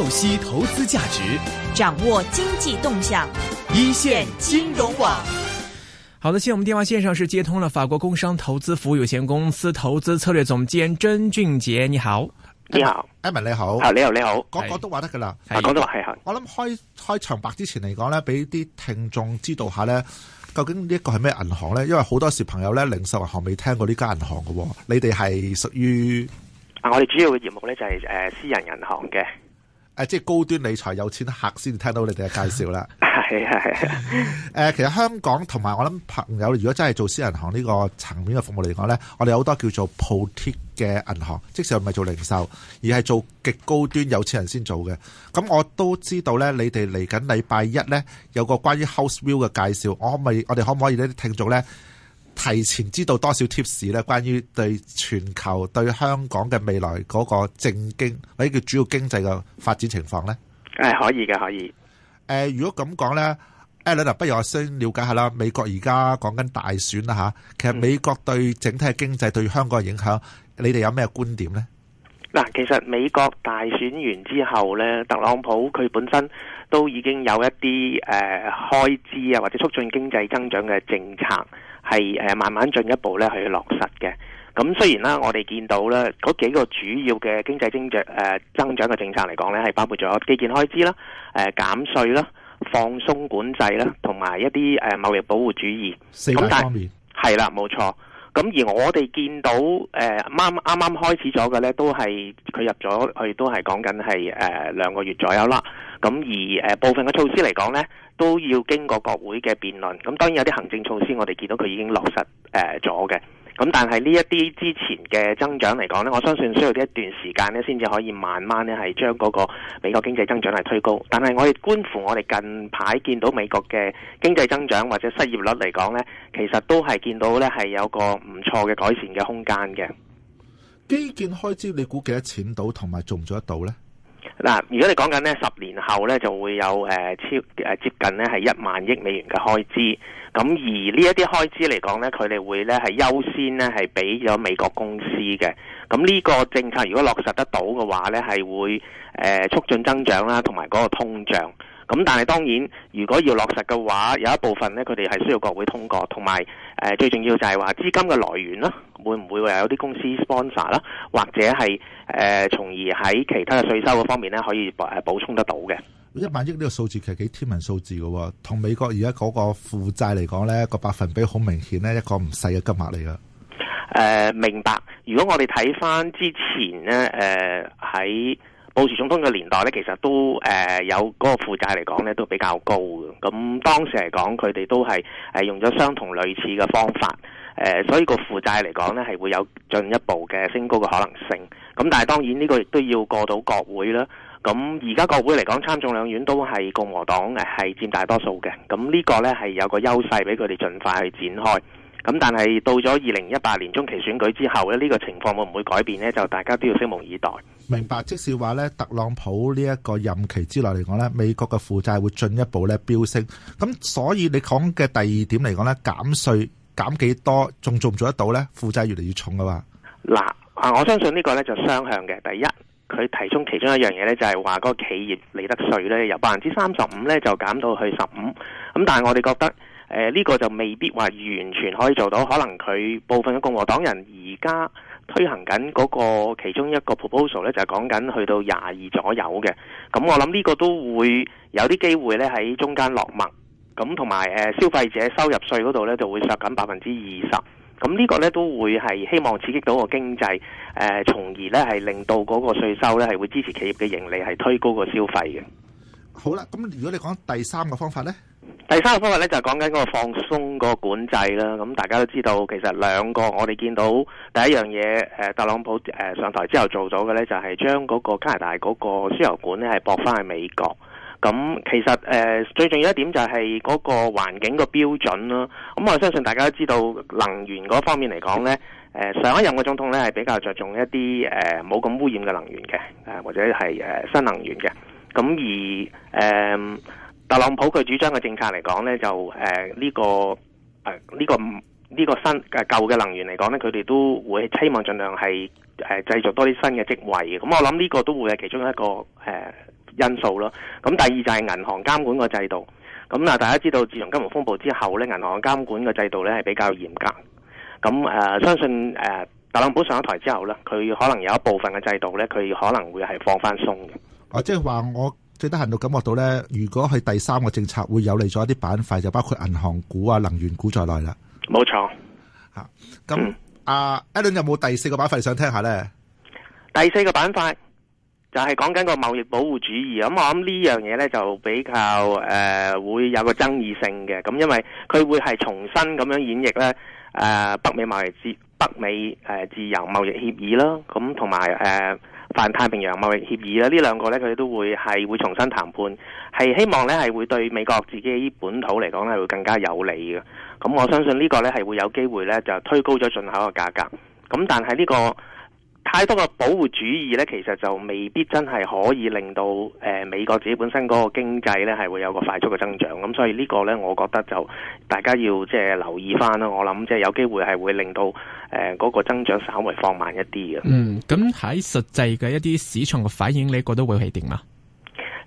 透析投資價值，掌握經濟動向，一線金融網。好的，現我們電話線上是接通了法國工商投資服務有限公司投資策略總監甄俊杰，你好，你好，阿文你好，你好你好，講廣東話得噶啦，講都係。我諗開開場白之前嚟講呢，俾啲聽眾知道下呢，究竟呢一個係咩銀行呢？因為好多時朋友呢，零售銀行未聽過呢間銀行噶。你哋係屬於啊，我哋主要嘅業務呢，就係誒私人銀行嘅。誒，即係高端理財有錢客先聽到你哋嘅介紹啦。係啊，誒，其實香港同埋我諗朋友，如果真係做私人行呢個層面嘅服務嚟講呢，我哋好多叫做 Boutique 嘅銀行，即使唔係做零售，而係做極高端有錢人先做嘅。咁我都知道呢，你哋嚟緊禮拜一呢有個關於 House View 嘅介紹，我可唔可以，我哋可唔可以咧啲聽眾呢？提前知道多少 tips 咧？關於對全球、對香港嘅未來嗰個政經或者叫主要經濟嘅發展情況咧？誒、哎，可以嘅，可以。誒、呃，如果咁講咧，Alan，不如我先了解下啦。美國而家講緊大選啦，嚇。其實美國對整體嘅經濟、嗯、對香港嘅影響，你哋有咩觀點咧？嗱，其實美國大選完之後咧，特朗普佢本身都已經有一啲誒、呃、開支啊，或者促進經濟增長嘅政策。係誒，慢慢進一步咧去落實嘅。咁雖然啦，我哋見到咧嗰幾個主要嘅經濟增長誒增長嘅政策嚟講咧，係包括咗基建開支啦、誒減稅啦、放鬆管制啦，同埋一啲誒貿易保護主義四個方面。但係啦，冇錯。咁而我哋見到誒，啱啱開始咗嘅呢都係佢入咗去，都係講緊係兩個月左右啦。咁而部分嘅措施嚟講呢，都要經過國會嘅辯論。咁當然有啲行政措施，我哋見到佢已經落實咗嘅。咁但係呢一啲之前嘅增長嚟講呢，我相信需要一段時間呢先至可以慢慢呢係將嗰個美國經濟增長係推高。但係我哋觀乎我哋近排見到美國嘅經濟增長或者失業率嚟講呢其實都係見到呢係有個唔錯嘅改善嘅空間嘅。基建開支你估幾多錢到，同埋做唔做得到呢？嗱，如果你講緊咧十年後咧，就會有誒超誒接近咧係一萬億美元嘅開支，咁而呢一啲開支嚟講咧，佢哋會咧係優先咧係俾咗美國公司嘅，咁呢個政策如果落實得到嘅話咧，係會誒促進增長啦，同埋嗰個通脹。咁但係當然，如果要落實嘅話，有一部分咧，佢哋係需要國會通過，同埋誒最重要就係話資金嘅來源啦，會唔會話有啲公司 sponsor 啦，或者係誒、呃、從而喺其他嘅稅收嗰方面咧，可以誒補充得到嘅。一萬億呢個數字其實幾天文數字㗎喎，同美國而家嗰個負債嚟講咧，個百分比好明顯咧，一個唔細嘅金額嚟㗎。誒、呃、明白，如果我哋睇返之前咧，誒、呃、喺。布殊總統嘅年代咧，其實都誒有嗰個負債嚟講咧，都比較高嘅。咁當時嚟講，佢哋都係係用咗相同類似嘅方法，誒，所以個負債嚟講咧，係會有進一步嘅升高嘅可能性。咁但係當然呢個亦都要過到國會啦。咁而家國會嚟講，參眾兩院都係共和黨係佔大多數嘅。咁呢個咧係有個優勢俾佢哋盡快去展開。咁但係到咗二零一八年中期選舉之後咧，呢個情況會唔會改變咧？就大家都要拭目以待。明白，即是話咧，特朗普呢一個任期之內嚟講咧，美國嘅負債會進一步咧飆升。咁所以你講嘅第二點嚟講咧，減稅減幾多，仲做唔做得到咧？負債越嚟越重㗎嘛。嗱啊，我相信個呢個咧就雙向嘅。第一，佢提出其中一樣嘢咧，就係話嗰個企業利得稅咧，由百分之三十五咧就減到去十五。咁但係我哋覺得，呢、呃這個就未必話完全可以做到，可能佢部分嘅共和黨人而家。推行緊嗰個其中一個 proposal 咧，就係講緊去到廿二左右嘅。咁我諗呢個都會有啲機會咧喺中間落墨。咁同埋誒消費者收入稅嗰度咧，就會削緊百分之二十。咁、這、呢個咧都會係希望刺激到個經濟。誒，從而咧係令到嗰個稅收咧係會支持企業嘅盈利，係推高個消費嘅。好啦，咁如果你講第三個方法咧？第三個方法咧就係講緊嗰個放鬆嗰個管制啦。咁大家都知道，其實兩個我哋見到第一樣嘢，特朗普上台之後做咗嘅咧，就係將嗰個加拿大嗰個輸油管咧係駁翻去美國。咁其實誒最重要一點就係嗰個環境個標準啦。咁我相信大家都知道，能源嗰方面嚟講咧，上一任嘅總統咧係比較着重一啲誒冇咁污染嘅能源嘅，或者係新能源嘅。咁而誒。嗯特朗普佢主張嘅政策嚟講呢，就誒呢、呃這個誒呢、呃這個呢、這個新誒舊嘅能源嚟講呢，佢哋都會希望盡量係誒、呃、製造多啲新嘅職位嘅。咁、嗯、我諗呢個都會係其中一個誒、呃、因素咯。咁、嗯、第二就係銀行監管個制度。咁、嗯、啊，大家知道自從金融風暴之後呢，銀行監管嘅制度呢係比較嚴格。咁、嗯、誒、呃，相信誒、呃、特朗普上咗台之後呢，佢可能有一部分嘅制度呢，佢可能會係放翻鬆嘅。啊，即係話我。最得閒，我感覺到咧，如果係第三個政策，會有利咗一啲板塊，就包括銀行股啊、能源股在內啦。冇錯錯，嚇咁阿 Alan 有冇第四個板塊想聽一下咧？第四個板塊就係講緊個貿易保護主義，咁、嗯、我諗呢樣嘢咧就比較誒、呃、會有個爭議性嘅，咁、嗯、因為佢會係重新咁樣演繹咧，誒、呃、北美貿易自北美誒、呃、自由貿易協議啦，咁同埋誒。泛太平洋貿易協議呢，呢兩個呢佢哋都會係會重新談判，係希望呢係會對美國自己本土嚟講係會更加有利嘅。咁我相信呢個呢係會有機會呢就推高咗進口嘅價格。咁但係呢個。太多嘅保護主義呢，其實就未必真係可以令到誒、呃、美國自己本身嗰個經濟呢係會有個快速嘅增長。咁所以呢個呢，我覺得就大家要即係留意翻咯。我諗即係有機會係會令到誒嗰、呃嗰個增長稍微放慢一啲嘅。嗯，咁喺實際嘅一啲市場嘅反應，你覺得會係點啊？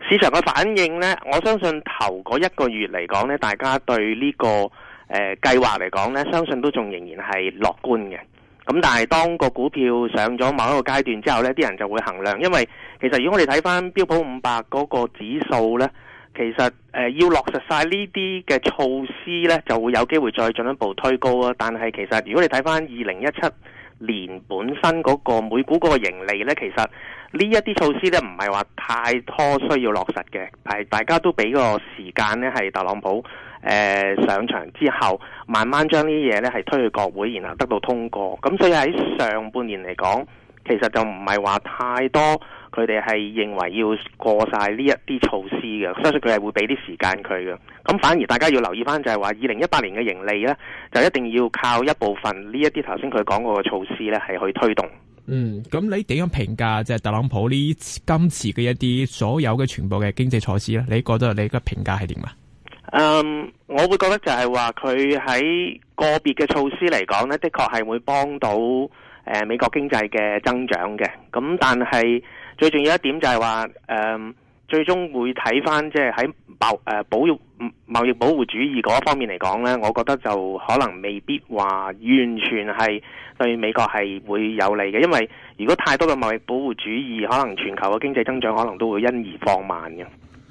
市場嘅反應呢，我相信頭嗰一個月嚟講呢，大家對呢、呢個誒、呃、計劃嚟講呢，相信都仲仍然係樂觀嘅。咁但係當個股票上咗某一個階段之後，呢啲人就會衡量，因為其實如果我哋睇翻標普五百嗰個指數，呢其實誒要落實晒呢啲嘅措施，呢就會有機會再進一步推高啊。但係其實如果你睇翻二零一七年本身嗰個每股嗰個盈利，呢其實。呢一啲措施咧，唔係話太多需要落實嘅，係大家都俾個時間咧，係特朗普誒、呃、上場之後，慢慢將這些東西呢啲嘢咧係推去國會，然後得到通過，咁所以喺上半年嚟講，其實就唔係話太多佢哋係認為要過晒呢一啲措施嘅，相信佢係會俾啲時間佢嘅。咁反而大家要留意翻就係話二零一八年嘅盈利咧，就一定要靠一部分呢一啲頭先佢講過嘅措施咧，係去推動。嗯，咁你點樣評價即係特朗普呢今次嘅一啲所有嘅全部嘅經濟措施呢？你覺得你個評價係點啊？嗯，我會覺得就係話佢喺個別嘅措施嚟講呢，的確係會幫到誒、呃、美國經濟嘅增長嘅。咁、嗯、但係最重要一點就係話誒。呃最終會睇返即係喺貿誒保貿易保護主義嗰方面嚟講咧，我覺得就可能未必話完全係對美國係會有利嘅，因為如果太多嘅貿易保護主義，可能全球嘅經濟增長可能都會因而放慢嘅。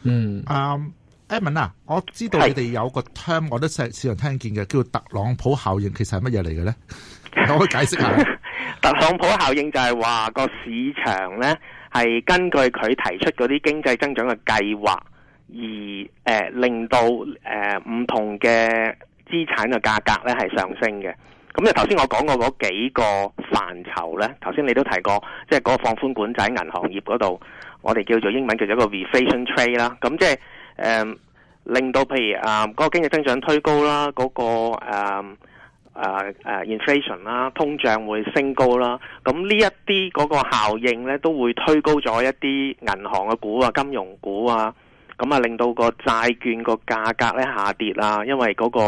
嗯，誒、um, Edmond 啊，我知道你哋有個 term，是我都成時常聽見嘅，叫特朗普效應，其實係乜嘢嚟嘅咧？ 我可唔可以解釋下？ 特朗普效應就係話、個市場咧，係根據佢提出嗰啲經濟增長嘅計劃而誒、呃、令到誒唔、呃、同嘅資產嘅價格咧係上升嘅。咁就頭先我講過嗰幾個範疇咧，頭先你都提過，即係嗰個放寬管就喺銀行業嗰度，我哋叫做英文叫做一個 reflation trade 啦。咁即係誒令到譬如啊嗰、呃那個經濟增長推高啦，嗰、那個、呃誒誒、uh, uh,，inflation 啦、uh,，通脹會升高啦。咁、uh, 呢一啲嗰個效應呢，都會推高咗一啲銀行嘅股啊、金融股啊。咁、嗯、啊，令到個債券個價格呢下跌啦，因為嗰、那個、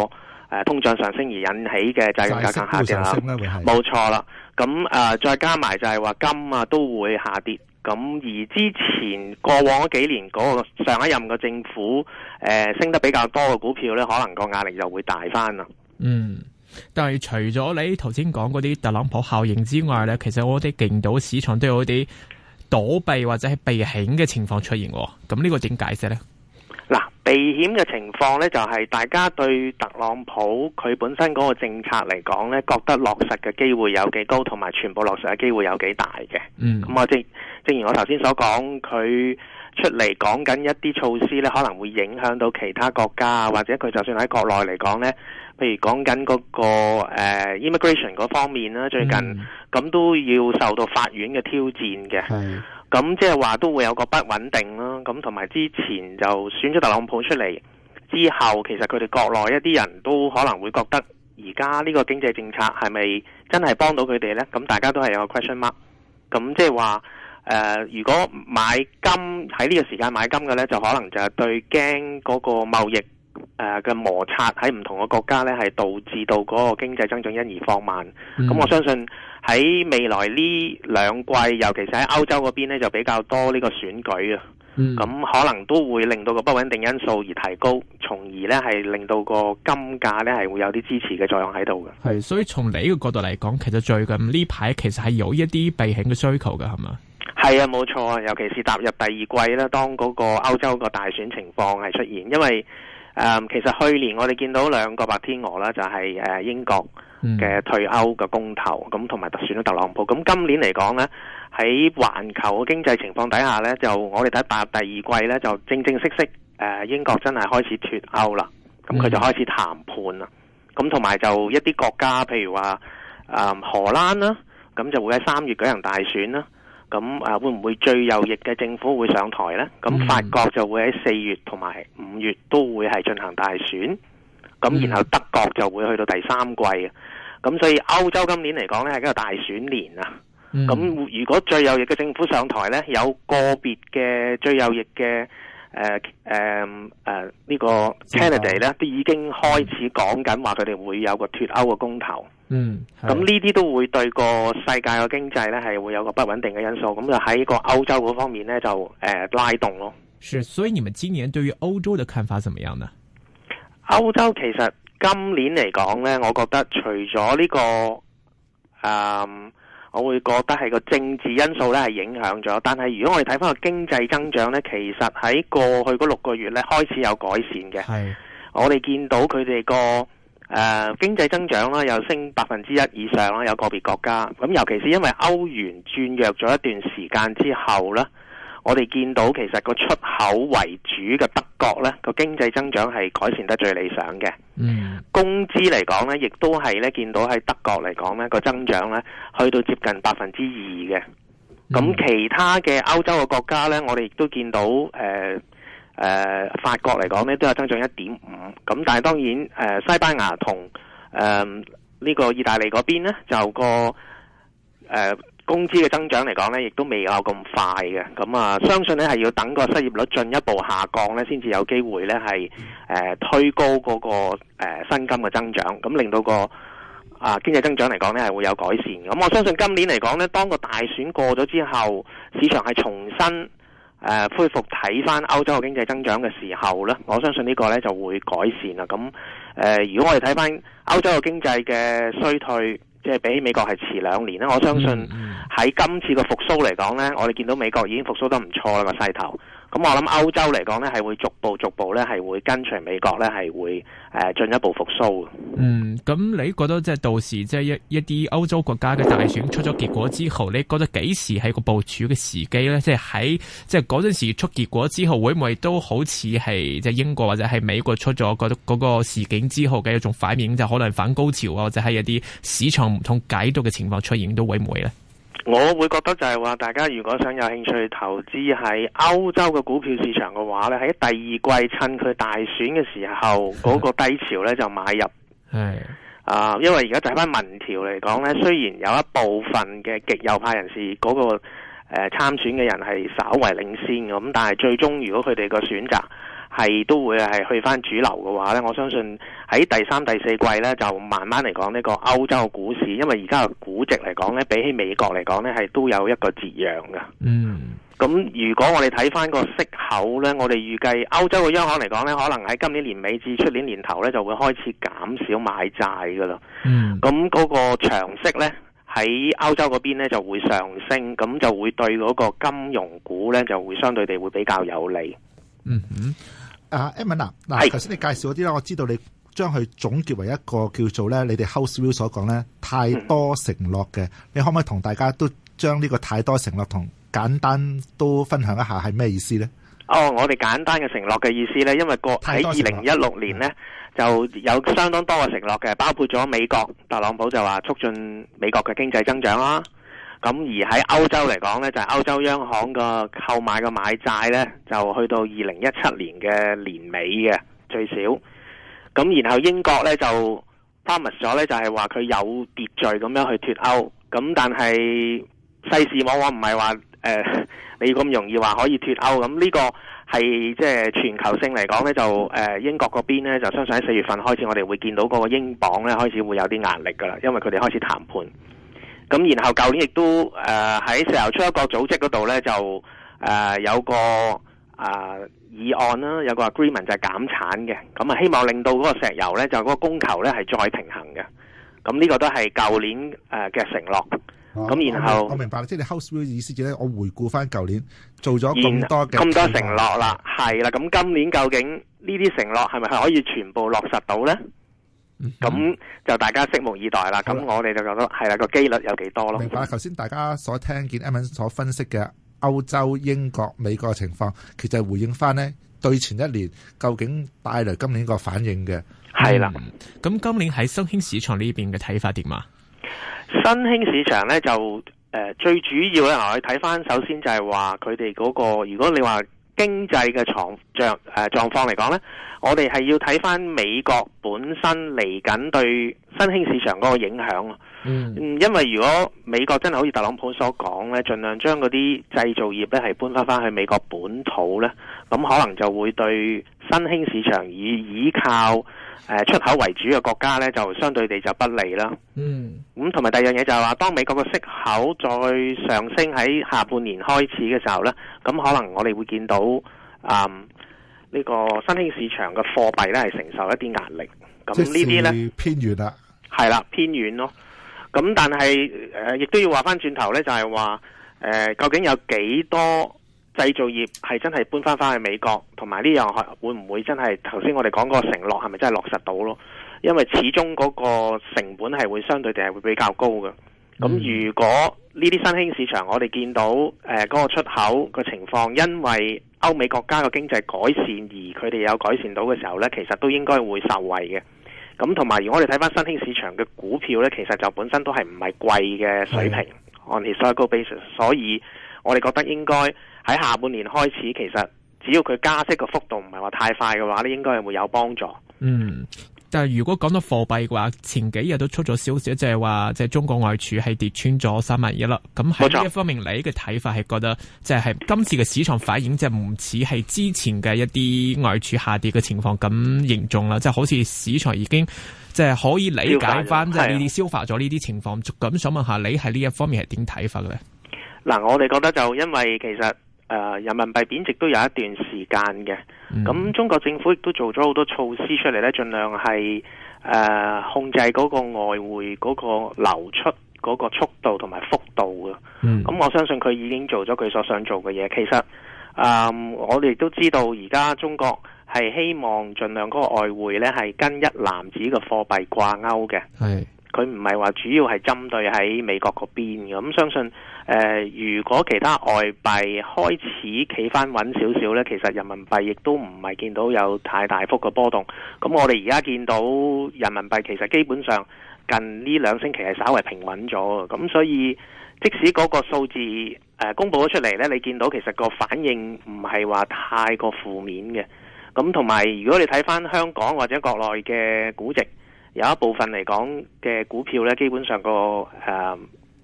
uh, 通脹上升而引起嘅債券價格下跌啦。冇錯啦。咁誒、uh,，uh, uh, 再加埋就係話金啊都會下跌。咁、uh, uh, 而之前過往嗰幾年嗰、uh, uh, 個上一任嘅政府誒、uh, 升得比較多嘅股票呢，uh, 可能個壓力就會大翻啦。嗯。但係除咗你頭先講嗰啲特朗普效應之外呢，其實我哋勁島市場都有啲躲避或者係避險嘅情況出現，咁呢個點解釋呢？嗱，避險嘅情況呢，就係大家對特朗普佢本身嗰個政策嚟講呢，覺得落實嘅機會有幾高，同埋全部落實嘅機會有幾大嘅。嗯，咁我正正如我頭先所講，佢。出嚟講緊一啲措施咧，可能會影響到其他國家啊，或者佢就算喺國內嚟講咧，譬如講緊嗰個、呃、immigration 嗰方面啦，最近咁、嗯、都要受到法院嘅挑戰嘅，咁即係話都會有個不穩定啦。咁同埋之前就選咗特朗普出嚟之後，其實佢哋國內一啲人都可能會覺得而家呢個經濟政策係咪真係幫到佢哋呢？咁大家都係有個 question mark，咁即係話。誒、呃，如果買金喺呢個時間買金嘅呢，就可能就係對驚嗰個貿易誒嘅摩擦喺唔同嘅國家呢，係導致到嗰個經濟增長因而放慢。咁、嗯、我相信喺未來呢兩季，尤其是喺歐洲嗰邊呢，就比較多呢個選舉啊，咁、嗯、可能都會令到個不穩定因素而提高，從而呢係令到個金價呢係會有啲支持嘅作用喺度嘅。係，所以從你呢個角度嚟講，其實最近呢排其實係有一啲避險嘅需求嘅，係嘛？係啊，冇錯啊，尤其是踏入第二季咧，當嗰個歐洲個大選情況係出現，因為誒、嗯，其實去年我哋見到兩個白天鵝啦，就係誒英國嘅退歐嘅公投，咁同埋特選咗特朗普。咁今年嚟講咧，喺環球嘅經濟情況底下咧，就我哋睇踏入第二季咧，就正正式式誒、呃、英國真係開始脫歐啦，咁佢就開始談判啦，咁同埋就一啲國家，譬如話誒、嗯、荷蘭啦、啊，咁就會喺三月舉行大選啦、啊。咁啊，會唔會最右翼嘅政府會上台呢？咁法國就會喺四月同埋五月都會係進行大選，咁然後德國就會去到第三季，咁所以歐洲今年嚟講呢係一個大選年啊。咁如果最右翼嘅政府上台呢，有個別嘅最右翼嘅。誒誒誒呢個 Kennedy 咧都已經開始講緊話佢哋會有個脱歐嘅公投，嗯，咁呢啲都會對個世界嘅經濟咧係會有個不穩定嘅因素，咁就喺個歐洲嗰方面咧就誒、呃、拉動咯。是，所以你們今年對於歐洲嘅看法點樣呢？歐洲其實今年嚟講咧，我覺得除咗呢、呢個誒。呃我會覺得係個政治因素咧係影響咗，但係如果我哋睇翻個經濟增長咧，其實喺過去嗰六個月咧開始有改善嘅。係是我哋見到佢哋個誒經濟增長啦，又升百分之一以上啦，有個別國家。咁尤其是因為歐元轉弱咗一段時間之後咧。我哋見到其實個出口為主嘅德國呢個經濟增長係改善得最理想嘅。工資嚟講呢，亦都係呢見到喺德國嚟講呢個增長呢，去到接近百分之二嘅。咁其他嘅歐洲嘅國家呢，我哋亦都見到呃，呃，誒法國嚟講呢都有增長一點五。咁但係當然西班牙同誒呢個意大利嗰邊呢，就個誒、呃。工資嘅增長嚟講呢，亦都未有咁快嘅。咁啊，相信呢係要等個失業率進一步下降呢，先至有機會呢係誒、呃、推高嗰、個薪、呃、金嘅增長，咁令到個啊經濟增長嚟講呢係會有改善。咁我相信今年嚟講呢，當個大選過咗之後，市場係重新誒、呃、恢復睇翻歐洲嘅經濟增長嘅時候呢，我相信呢個呢就會改善啦。咁、呃、如果我哋睇翻歐洲嘅經濟嘅衰退。即係比美國係遲兩年啦，我相信喺今次個復甦嚟講呢，我哋見到美國已經復甦得唔錯啦，個勢頭。咁我諗歐洲嚟講呢，係會逐步逐步呢，係會跟隨美國呢，係會誒進一步復甦。嗯，咁你覺得即係到時即係一一啲歐洲國家嘅大選出咗結果之後，你覺得幾時係個部署嘅時機呢？即係喺即係嗰陣時出結果之後，會唔會都好似係即係英國或者係美國出咗嗰個事件之後嘅一種反應，就可能反高潮啊，或者係一啲市場唔同解讀嘅情況出現都會唔會呢？我會覺得就係話，大家如果想有興趣投資喺歐洲嘅股票市場嘅話咧，喺第二季趁佢大選嘅時候嗰、那個低潮咧就買入。係是啊，因為而家就係翻民調嚟講咧，雖然有一部分嘅極右派人士嗰、那個誒、呃、參選嘅人係稍為領先嘅，咁但係最終如果佢哋個選擇。係都會係去翻主流嘅話呢，我相信喺第三、第四季呢，就慢慢嚟講呢個歐洲嘅股市，因為而家估值嚟講呢，比起美國嚟講呢係都有一個折讓噶。嗯，咁如果我哋睇翻個息口呢，我哋預計歐洲嘅央行嚟講呢，可能喺今年年尾至出年年頭呢，就會開始減少買債噶啦。咁嗰、嗯、個長息呢，喺歐洲嗰邊呢，就會上升，咁就會對嗰個金融股呢，就會相對地會比較有利。嗯。啊，Emma 嗱，嗱、啊，頭、啊、先你介紹嗰啲啦。是我知道你將佢總結為一個叫做咧，你哋 House View 所講咧，太多承諾嘅，嗯、你可唔可以同大家都將呢個太多承諾同簡單都分享一下係咩意思咧？哦，我哋簡單嘅承諾嘅意思咧，因為個喺二零一六年咧就有相當多嘅承諾嘅，包括咗美國特朗普就話促進美國嘅經濟增長啦。咁而喺歐洲嚟講呢就係、是、歐洲央行個購買個買債呢，就去到二零一七年嘅年尾嘅最少。咁然後英國呢，就發明咗呢，就係話佢有秩序咁樣去脫歐。咁但係世事往往唔係話誒你咁容易話可以脫歐。咁、這、呢個係即係全球性嚟講呢，就、呃、英國嗰邊呢，就相信喺四月份開始，我哋會見到嗰個英鎊呢，開始會有啲壓力噶啦，因為佢哋開始談判。咁然後舊年亦都誒喺石油出口國組織嗰度咧就誒有個啊議案啦，有個 agreement 就係減產嘅，咁啊希望令到嗰個石油咧就嗰個供求咧係再平衡嘅。咁、這、呢個都係舊年嘅承諾。咁、啊、然後我明白，我明白即係你 House Bill 嘅意思就係我回顧翻舊年做咗咁多嘅咁多承諾啦，係啦。咁今年究竟呢啲承諾係咪可以全部落實到咧？咁、嗯、就大家拭目以待啦。咁、嗯、我哋就覺得係啦，個機率有幾多咯？明白。頭先大家所聽見 Emmons 所分析嘅歐洲、英國、美國嘅情況，其實係回應翻呢對前一年究竟帶嚟今年個反應嘅。係啦的。咁、嗯、今年喺新興市場呢邊嘅睇法點啊？新興市場呢，就誒、呃、最主要咧，我睇翻首先就係話佢哋嗰個，如果你話。經濟嘅狀狀誒狀況嚟講呢，我哋係要睇返美國本身嚟緊對新興市場嗰個影響啊。嗯，因為如果美國真係好似特朗普所講呢，盡量將嗰啲製造業呢係搬返返去美國本土呢，咁可能就會對新興市場以依靠，誒，出口為主嘅國家呢，就相對地就不利啦。嗯，咁同埋第二樣嘢就係話，當美國嘅息口再上升喺下半年開始嘅時候呢，咁可能我哋會見到，嗯，呢個新興市場嘅貨幣呢，係承受一啲壓力。咁呢啲呢，偏遠啦，係啦，偏遠咯。咁但係誒，亦都要話翻轉頭呢，就係話，誒，究竟有幾多？製造業係真係搬翻翻去美國，同埋呢樣係會唔會真係頭先我哋講個承諾係咪真係落實到咯？因為始終嗰個成本係會相對地係會比較高嘅。咁、嗯、如果呢啲新興市場我哋見到誒嗰、呃嗰個出口個情況，因為歐美國家個經濟改善而佢哋有改善到嘅時候呢，其實都應該會受惠嘅。咁同埋而我哋睇翻新興市場嘅股票呢，其實就本身都係唔係貴嘅水平、嗯、on historical basis，所以我哋覺得應該。喺下半年開始，其實只要佢加息嘅幅度唔係話太快嘅話咧，應該係會有幫助。嗯，但係如果講到貨幣嘅話，前幾日都出咗消息，即係話即係中國外儲係跌穿咗三萬億啦。咁喺呢一方面，你嘅睇法係覺得即係係今次嘅市場反應，即係唔似係之前嘅一啲外儲下跌嘅情況咁嚴重啦。即係好似市場已經即係可以理解翻，即係呢消化咗呢啲情況。咁想問一下，你喺呢一方面係點睇法嘅咧？嗱，我哋覺得就因為其實。誒、uh, 人民幣貶值都有一段時間嘅，咁、嗯、中國政府亦都做咗好多措施出嚟呢，盡量係、uh, 控制嗰個外匯嗰個流出嗰個速度同埋幅度嘅。咁、嗯、我相信佢已經做咗佢所想做嘅嘢。其實誒、嗯，我哋都知道而家中國係希望盡量嗰個外匯呢係跟一籃子嘅貨幣掛鈎嘅。係。佢唔係話主要係針對喺美國嗰邊嘅，咁相信誒、呃，如果其他外幣開始企翻穩少少呢，其實人民幣亦都唔係見到有太大幅嘅波動。咁我哋而家見到人民幣其實基本上近呢兩星期係稍微平穩咗嘅，咁所以即使嗰個數字誒、呃、公佈咗出嚟呢，你見到其實個反應唔係話太過負面嘅。咁同埋如果你睇翻香港或者國內嘅估值。有一部分嚟講嘅股票呢，基本上、個誒誒、啊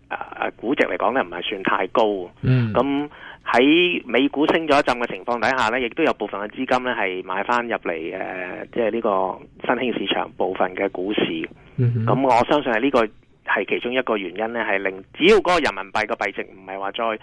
啊啊、估值嚟講呢，唔係算太高。嗯，咁喺美股升咗一陣嘅情況底下呢，亦都有部分嘅資金呢係買翻入嚟誒，即係呢個新興市場部分嘅股市。嗯哼，咁我相信係呢個係其中一個原因呢，係令只要嗰個人民幣嘅幣值唔係話再。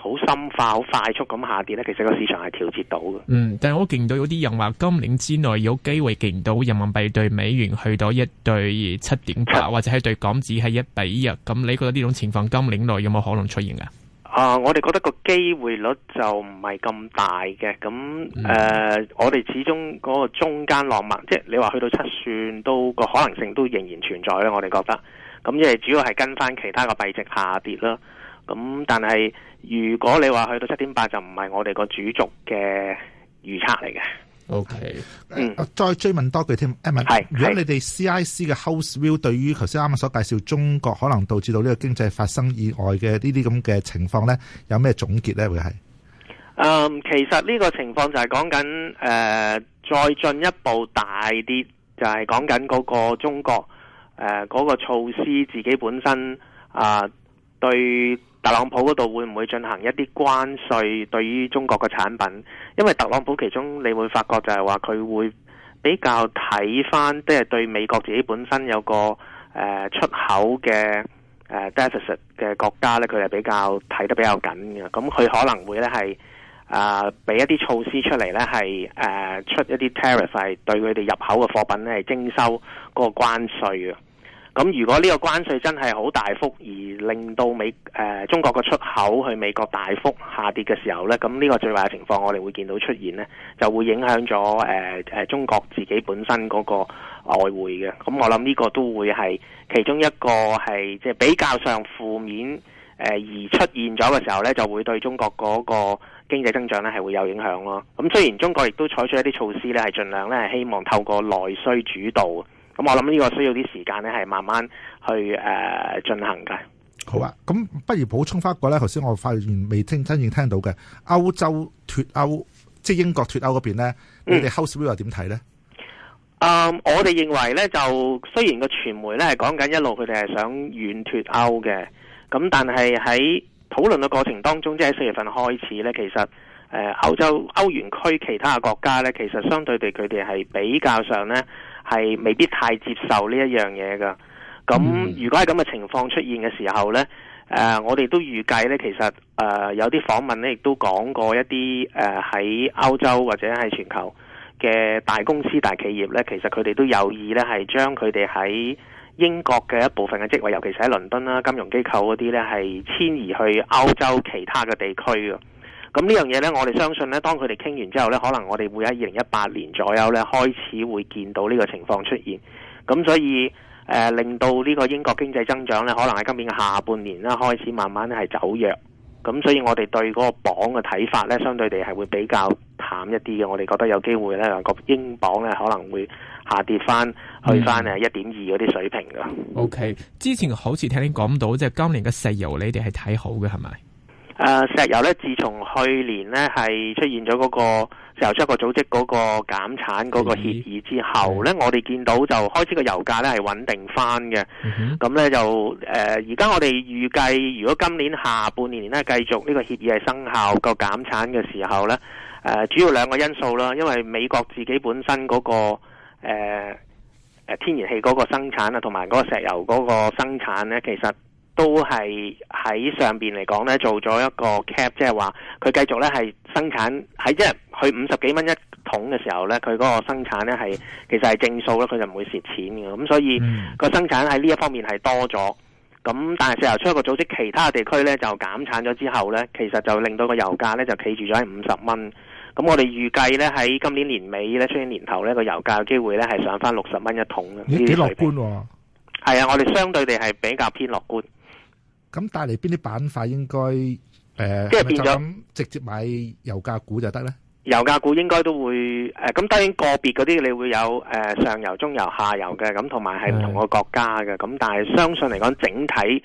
好深化，好快速咁下跌咧，其實個市場係調節到嘅。嗯，但係我見到有啲人話，今年之內有機會見到人民幣對美元去到一對七點八，或者係對港紙係一比一。咁你覺得呢種情況今年內有冇可能出現啊？啊、呃，我哋覺得個機會率就唔係咁大嘅。咁誒、嗯呃，我哋始終嗰個中間落墨，即係你話去到七算都個可能性都仍然存在咧。我哋覺得，咁即係主要係跟翻其他個幣值下跌啦。咁但係。如果你話去到七點八就唔係我哋個主軸嘅預測嚟嘅，OK，嗯，再追問多一句添，係，如果你哋 CIC 嘅 Houseview 對於頭先啱啱所介紹中國可能導致到呢個經濟發生意外嘅呢啲咁嘅情況呢，有咩總結呢？會係，嗯，其實呢個情況就係講緊誒，再進一步大跌，就係講緊嗰個中國誒嗰，呃嗰個措施自己本身啊。呃對特朗普嗰度會唔會進行一啲關稅對於中國嘅產品？因為特朗普其中你會發覺就係話佢會比較睇翻，即係對美國自己本身有個誒出口嘅誒 deficit 嘅國家呢，佢係比較睇得比較緊嘅。咁佢可能會呢係啊俾一啲措施出嚟呢，係誒出一啲 tariff 係對佢哋入口嘅貨品呢，係徵收嗰個關稅啊！咁如果呢個關稅真係好大幅，而令到美誒、呃、中國個出口去美國大幅下跌嘅時候咧，咁呢個最壞嘅情況我哋會見到出現咧，就會影響咗誒誒中國自己本身嗰個外匯嘅。咁我諗呢個都會係其中一個係即係比較上負面誒、呃、而出現咗嘅時候咧，就會對中國嗰個經濟增長咧，係會有影響咯。咁雖然中國亦都採取一啲措施咧，係盡量咧，係希望透過內需主導。咁我諗呢個需要啲時間咧，係慢慢去誒呃、進行嘅。好啊，咁不如補充翻過個咧。頭先我發現未聽真正聽到嘅歐洲脫歐，即係英國脫歐嗰邊咧，你哋 House View 又點睇咧？嗯，呃、我哋認為咧，就雖然個傳媒咧係講緊一路佢哋係想軟脫歐嘅，咁但係喺討論嘅過程當中，即係喺四月份開始咧，其實誒呃、歐洲歐元區其他嘅國家咧，其實相對地佢哋係比較上咧。係未必太接受呢一樣嘢噶，咁如果係咁嘅情況出現嘅時候呢，誒、呃，我哋都預計呢，其實誒、呃、有啲訪問呢，亦都講過一啲誒喺歐洲或者係全球嘅大公司大企業呢，其實佢哋都有意呢，係將佢哋喺英國嘅一部分嘅職位，尤其是喺倫敦啦、啊，金融機構嗰啲呢，係遷移去歐洲其他嘅地區嘅。咁呢樣嘢呢，我哋相信呢，當佢哋傾完之後呢，可能我哋會喺二零一八年左右呢開始會見到呢個情況出現。咁所以，誒、呃、令到呢個英國經濟增長呢，可能喺今年嘅下半年呢開始慢慢呢係走弱。咁所以，我哋對嗰個鎊嘅睇法呢，相對地係會比較淡一啲嘅。我哋覺得有機會呢，個英鎊呢可能會下跌翻的，去翻誒一點二嗰啲水平噶。OK，之前好似聽你講到，即、就、係、是、今年嘅石油你，你哋係睇好嘅係咪？呃、石油咧，自從去年係出現咗嗰個石油出國組織嗰個減產嗰個協議之後呢，我哋見到就開始個油價咧係穩定翻嘅。咁、嗯、哼呢，就而家、呃、我哋預計如果今年下半年呢繼續呢個協議係生效、嗰個減產嘅時候呢、呃、主要兩個因素啦，因為美國自己本身嗰、嗰個、呃、天然氣嗰個生產啊，同埋嗰個石油嗰個生產呢，其實。都係喺上邊嚟講呢做咗一個 cap，即係話佢繼續呢係生產，喺即係佢五十幾蚊一桶嘅時候呢，佢嗰個生產呢係其實係正數咯，佢就唔會蝕錢嘅。咁所以個生產喺呢一方面係多咗。咁但係石油出一個組織，其他地區呢就減產咗之後呢，其實就令到個油價呢就企住咗喺五十蚊。咁我哋預計呢，喺今年年尾呢，出年年頭呢個油價嘅機會呢係上翻六十蚊一桶啦。幾咦樂觀、啊？係啊，我哋相對地係比較偏樂觀。咁帶嚟邊啲板塊應該誒，呃、即係變咗直接買油價股就得咧？油價股應該都會誒，咁、呃、當然個別嗰啲你會有誒上游、中游、下游嘅，咁同埋係唔同個國家嘅。咁的但係相信嚟講，整體誒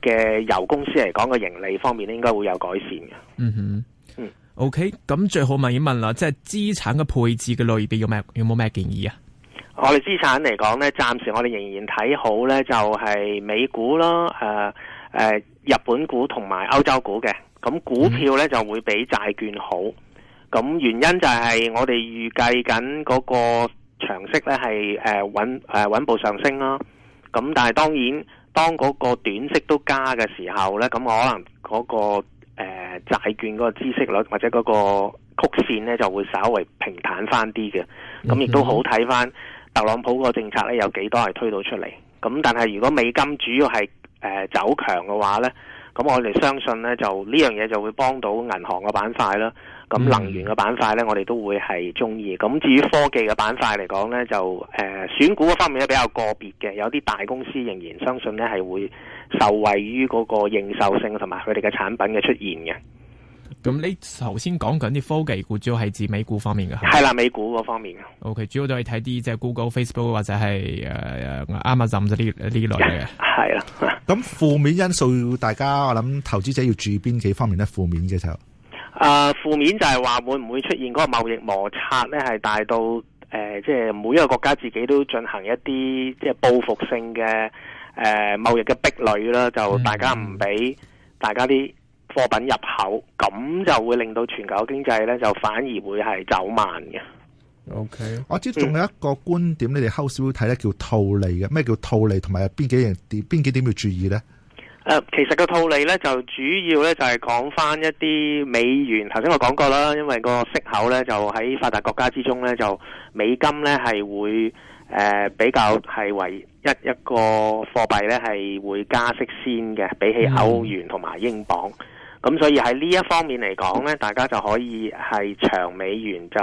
嘅、呃、油公司嚟講個盈利方面咧，應該會有改善嘅。嗯哼，嗯，OK。咁最好問一問啦，即係資產嘅配置嘅類別有咩？有冇咩建議啊？我哋資產嚟講咧，暫時我哋仍然睇好咧，就係、是、美股囉，誒、呃。誒，日本股同埋歐洲股嘅，咁股票咧就會比債券好。咁原因就係我哋預計緊嗰個長息咧係誒穩誒穩步上升啦。咁但係當然，當嗰個短息都加嘅時候咧，咁可能嗰、嗰個誒、呃、債券嗰個孳息率或者嗰個曲線咧就會稍微平坦翻啲嘅。咁亦都好睇翻特朗普個政策咧有幾多係推到出嚟。咁但係如果美金主要係。誒走、呃、強嘅話呢，咁我哋相信呢，就呢樣嘢就會幫到銀行嘅板塊啦。咁能源嘅板塊呢，我哋都會係中意。咁至於科技嘅板塊嚟講呢，就誒、呃、選股方面咧比較個別嘅，有啲大公司仍然相信呢，係會受惠於嗰個認受性同埋佢哋嘅產品嘅出現嘅。咁你頭先講緊啲科技股，主要係指美股方面嘅，係啦，美股嗰方面。OK，主要都係睇啲即係 Google、Facebook 或者係誒 Amazon 呢呢類嘅。係啦。咁負面因素，大家我諗投資者要注意邊幾方面咧？負面嘅就，誒，負面就係話會唔會出現嗰個貿易摩擦咧？係大到誒，即係每一個國家自己都進行一啲即係報復性嘅誒貿易嘅壁壘啦。就大家唔俾大家啲。貨品入口咁就會令到全球經濟咧，就反而會係走慢嘅。O Okay , K，我知仲有一個觀點，嗯、你哋好少會睇咧叫套利嘅。咩叫套利？同埋邊幾樣邊幾點要注意咧？誒，其實個套利咧，就主要咧就係講翻一啲美元。頭先我講過啦，因為個息口咧就喺發達國家之中咧，就美金咧係會誒、呃、比較係唯一一個貨幣咧係會加息先嘅，比起歐元同埋英鎊。嗯咁所以喺呢一方面嚟講呢、嗯、大家就可以係長美元就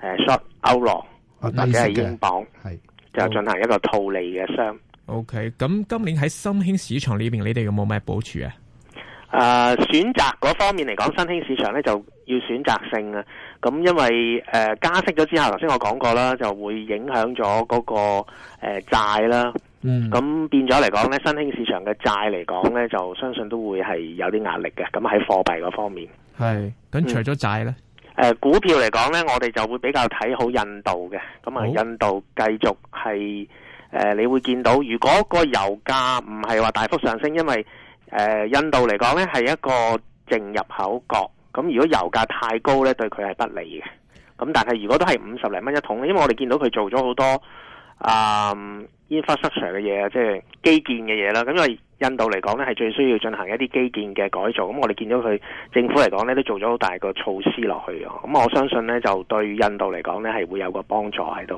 誒 short 歐羅或者係英鎊，的就進行一個套利嘅商。OK，咁今年喺新興市場裏面，你哋有冇咩部署啊？誒、呃，選擇嗰方面嚟講，新興市場呢就要選擇性啊。咁因為誒、呃、加息咗之後，頭先我講過啦，就會影響咗嗰、那個誒、呃、債啦。嗯，咁變咗嚟講咧，新興市場嘅債嚟講咧，就相信都會係有啲壓力嘅。咁喺貨幣嗰方面，係。咁除咗債咧，誒、嗯呃，股票嚟講咧，我哋就會比較睇好印度嘅。咁啊，印度繼續係誒、哦呃，你會見到，如果個油價唔係話大幅上升，因為誒、呃，印度嚟講咧係一個淨入口國。咁如果油價太高咧，對佢係不利嘅。咁但係如果都係五十零蚊一桶，因為我哋見到佢做咗好多。啊、um, infrastructure 嘅嘢啊，即係基建嘅嘢啦。咁因為印度嚟講呢，係最需要進行一啲基建嘅改造。咁我哋見到佢政府嚟講呢，都做咗好大個措施落去。啊。咁我相信呢，就對印度嚟講呢，係會有一個幫助喺度。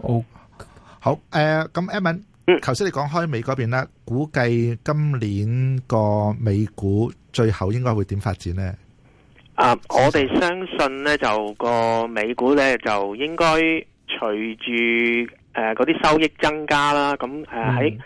Okay. 好，好、呃。誒、嗯，咁 Edmond，頭先你講開美嗰邊啦，估計今年個美股最後應該會點發展呢？啊、uh, 實，我哋相信呢，就個美股呢，就應該隨住。誒，嗰啲、呃、收益增加啦，咁誒喺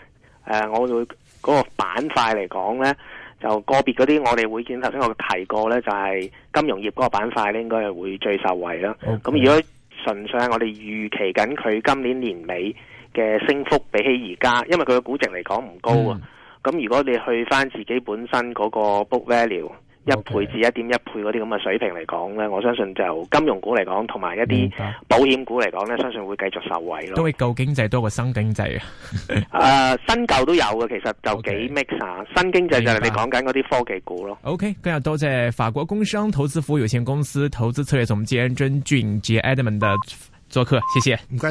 誒，我會嗰個板塊嚟講咧，就個別嗰啲我哋會見頭先我提過咧，就係、是、金融業嗰個板塊咧，應該係會最受惠啦。咁 Okay. 如果純粹係我哋預期緊佢今年年尾嘅升幅比起而家，因為佢嘅估值嚟講唔高啊，咁、嗯、如果你去返自己本身嗰個 book value。Okay. 一倍至一點一倍嗰啲咁嘅水平嚟講咧，我相信就金融股嚟講同埋一啲保險股嚟講咧，相信會繼續受惠咯。都係舊經濟多過新經濟啊！誒、 呃，新舊都有嘅，其實就幾 mix 啊！新經濟就係你講緊嗰啲科技股咯。O K，今日多謝法國工商投資服務有限公司投資策略總監甄俊傑 Edmond 嘅做客，謝謝。謝謝。